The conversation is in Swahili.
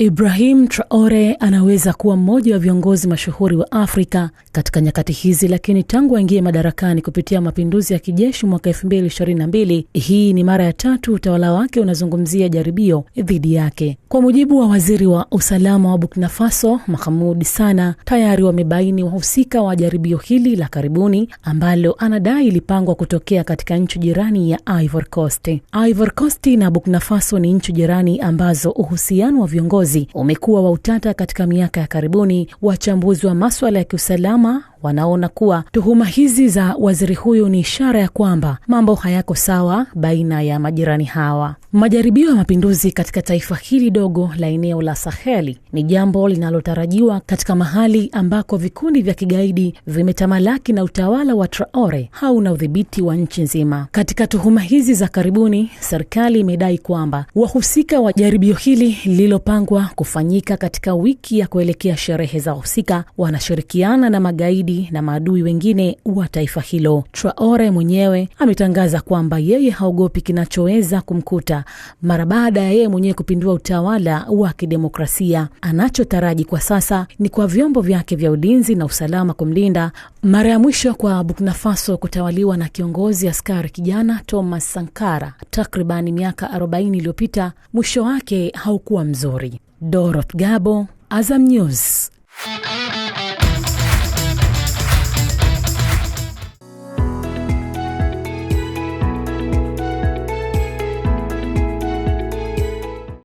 Ibrahim Traore anaweza kuwa mmoja wa viongozi mashuhuri wa Afrika katika nyakati hizi, lakini tangu aingie madarakani kupitia mapinduzi ya kijeshi mwaka 2022, hii ni mara ya tatu utawala wake unazungumzia jaribio dhidi yake. Kwa mujibu wa waziri wa usalama wa Burkina Faso, Mahamud Sana, tayari wamebaini wahusika wa jaribio hili la karibuni ambalo anadai ilipangwa kutokea katika nchi jirani ya Ivory Coast. Ivory Coast na Burkina Faso ni nchi jirani ambazo uhusiano wa viongozi uongozi umekuwa wa utata katika miaka ya karibuni. Wachambuzi wa maswala ya kiusalama wanaona kuwa tuhuma hizi za waziri huyu ni ishara ya kwamba mambo hayako sawa baina ya majirani hawa. Majaribio ya mapinduzi katika taifa hili dogo la eneo la Saheli ni jambo linalotarajiwa katika mahali ambako vikundi vya kigaidi vimetamalaki na utawala wa Traore hauna udhibiti wa nchi nzima. Katika tuhuma hizi za karibuni, serikali imedai kwamba wahusika wa jaribio hili lililopangwa inatarajiwa kufanyika katika wiki ya kuelekea sherehe za wahusika wanashirikiana na magaidi na maadui wengine wa taifa hilo. Traore mwenyewe ametangaza kwamba yeye haogopi kinachoweza kumkuta mara baada ya yeye mwenyewe kupindua utawala wa kidemokrasia. Anachotaraji kwa sasa ni kwa vyombo vyake vya ulinzi na usalama kumlinda. Mara ya mwisho kwa Burkina Faso kutawaliwa na kiongozi askari kijana Thomas Sankara takriban miaka 40 iliyopita, mwisho wake haukuwa mzuri doroth Gabo, Azam News.